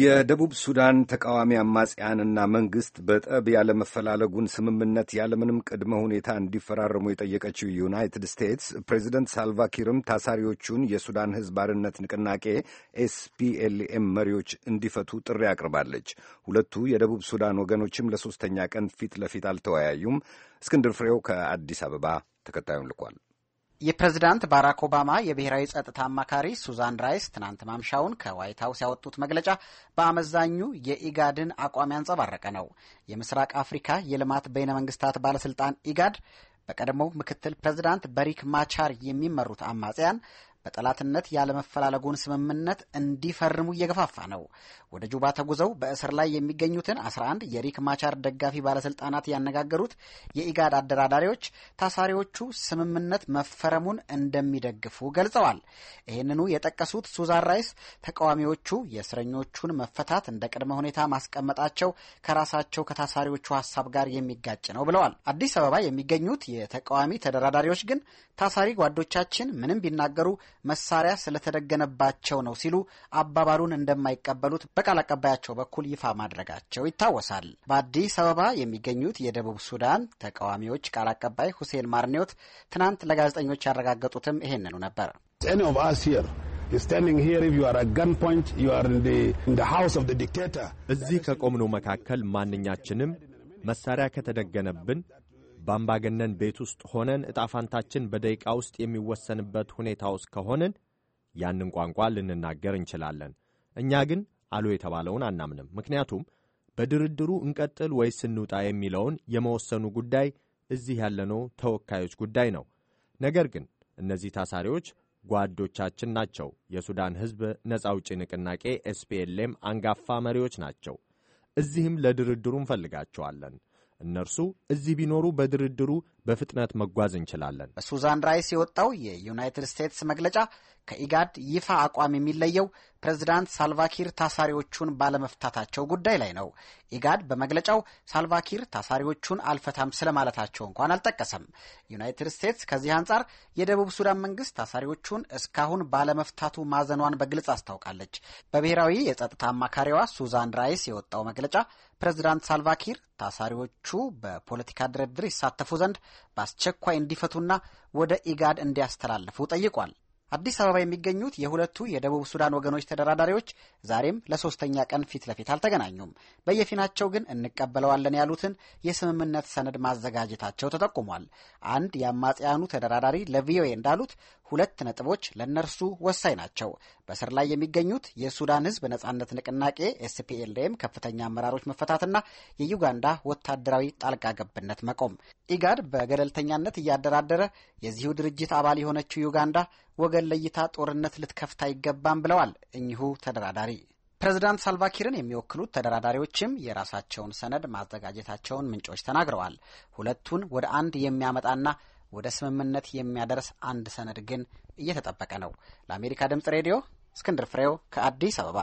የደቡብ ሱዳን ተቃዋሚ አማጽያንና መንግሥት በጠብ ያለመፈላለጉን ስምምነት ያለምንም ቅድመ ሁኔታ እንዲፈራረሙ የጠየቀችው ዩናይትድ ስቴትስ ፕሬዚደንት ሳልቫኪርም ታሳሪዎቹን የሱዳን ሕዝብ አርነት ንቅናቄ ኤስፒኤልኤም መሪዎች እንዲፈቱ ጥሪ አቅርባለች። ሁለቱ የደቡብ ሱዳን ወገኖችም ለሦስተኛ ቀን ፊት ለፊት አልተወያዩም። እስክንድር ፍሬው ከአዲስ አበባ ተከታዩን ልኳል። የፕሬዝዳንት ባራክ ኦባማ የብሔራዊ ጸጥታ አማካሪ ሱዛን ራይስ ትናንት ማምሻውን ከዋይት ሀውስ ያወጡት መግለጫ በአመዛኙ የኢጋድን አቋም ያንጸባረቀ ነው። የምስራቅ አፍሪካ የልማት በይነ መንግስታት ባለስልጣን ኢጋድ በቀድሞው ምክትል ፕሬዝዳንት በሪክ ማቻር የሚመሩት አማጽያን በጠላትነት ያለመፈላለጉን ስምምነት እንዲፈርሙ እየገፋፋ ነው። ወደ ጁባ ተጉዘው በእስር ላይ የሚገኙትን 11 የሪክ ማቻር ደጋፊ ባለስልጣናት ያነጋገሩት የኢጋድ አደራዳሪዎች ታሳሪዎቹ ስምምነት መፈረሙን እንደሚደግፉ ገልጸዋል። ይህንኑ የጠቀሱት ሱዛን ራይስ ተቃዋሚዎቹ የእስረኞቹን መፈታት እንደ ቅድመ ሁኔታ ማስቀመጣቸው ከራሳቸው ከታሳሪዎቹ ሀሳብ ጋር የሚጋጭ ነው ብለዋል። አዲስ አበባ የሚገኙት የተቃዋሚ ተደራዳሪዎች ግን ታሳሪ ጓዶቻችን ምንም ቢናገሩ መሳሪያ ስለተደገነባቸው ነው ሲሉ አባባሉን እንደማይቀበሉት በቃል አቀባያቸው በኩል ይፋ ማድረጋቸው ይታወሳል። በአዲስ አበባ የሚገኙት የደቡብ ሱዳን ተቃዋሚዎች ቃል አቀባይ ሁሴን ማርኔዎት ትናንት ለጋዜጠኞች ያረጋገጡትም ይሄንኑ ነበር። እዚህ ከቆምነው መካከል ማንኛችንም መሳሪያ ከተደገነብን በአምባገነን ቤት ውስጥ ሆነን እጣፋንታችን በደቂቃ ውስጥ የሚወሰንበት ሁኔታ ውስጥ ከሆንን ያንን ቋንቋ ልንናገር እንችላለን። እኛ ግን አሉ የተባለውን አናምንም። ምክንያቱም በድርድሩ እንቀጥል ወይስ እንውጣ የሚለውን የመወሰኑ ጉዳይ እዚህ ያለነው ተወካዮች ጉዳይ ነው። ነገር ግን እነዚህ ታሳሪዎች ጓዶቻችን ናቸው። የሱዳን ሕዝብ ነጻ አውጪ ንቅናቄ ኤስፒኤልኤም አንጋፋ መሪዎች ናቸው። እዚህም ለድርድሩ እንፈልጋቸዋለን። እነርሱ እዚህ ቢኖሩ በድርድሩ በፍጥነት መጓዝ እንችላለን። በሱዛን ራይስ የወጣው የዩናይትድ ስቴትስ መግለጫ ከኢጋድ ይፋ አቋም የሚለየው ፕሬዝዳንት ሳልቫኪር ታሳሪዎቹን ባለመፍታታቸው ጉዳይ ላይ ነው። ኢጋድ በመግለጫው ሳልቫኪር ታሳሪዎቹን አልፈታም ስለማለታቸው እንኳን አልጠቀሰም። ዩናይትድ ስቴትስ ከዚህ አንጻር የደቡብ ሱዳን መንግስት ታሳሪዎቹን እስካሁን ባለመፍታቱ ማዘኗን በግልጽ አስታውቃለች። በብሔራዊ የጸጥታ አማካሪዋ ሱዛን ራይስ የወጣው መግለጫ ፕሬዝዳንት ሳልቫኪር ታሳሪዎቹ በፖለቲካ ድርድር ይሳተፉ ዘንድ በአስቸኳይ እንዲፈቱና ወደ ኢጋድ እንዲያስተላልፉ ጠይቋል። አዲስ አበባ የሚገኙት የሁለቱ የደቡብ ሱዳን ወገኖች ተደራዳሪዎች ዛሬም ለሶስተኛ ቀን ፊት ለፊት አልተገናኙም። በየፊናቸው ግን እንቀበለዋለን ያሉትን የስምምነት ሰነድ ማዘጋጀታቸው ተጠቁሟል። አንድ የአማጽያኑ ተደራዳሪ ለቪኦኤ እንዳሉት ሁለት ነጥቦች ለእነርሱ ወሳኝ ናቸው። በስር ላይ የሚገኙት የሱዳን ሕዝብ ነጻነት ንቅናቄ ኤስፒኤልኤም ከፍተኛ አመራሮች መፈታትና የዩጋንዳ ወታደራዊ ጣልቃ ገብነት መቆም። ኢጋድ በገለልተኛነት እያደራደረ የዚሁ ድርጅት አባል የሆነችው ዩጋንዳ ወገን ለይታ ጦርነት ልትከፍት አይገባም ብለዋል እኚሁ ተደራዳሪ። ፕሬዝዳንት ሳልቫኪርን የሚወክሉት ተደራዳሪዎችም የራሳቸውን ሰነድ ማዘጋጀታቸውን ምንጮች ተናግረዋል። ሁለቱን ወደ አንድ የሚያመጣና ወደ ስምምነት የሚያደርስ አንድ ሰነድ ግን እየተጠበቀ ነው። ለአሜሪካ ድምጽ ሬዲዮ እስክንድር ፍሬው ከአዲስ አበባ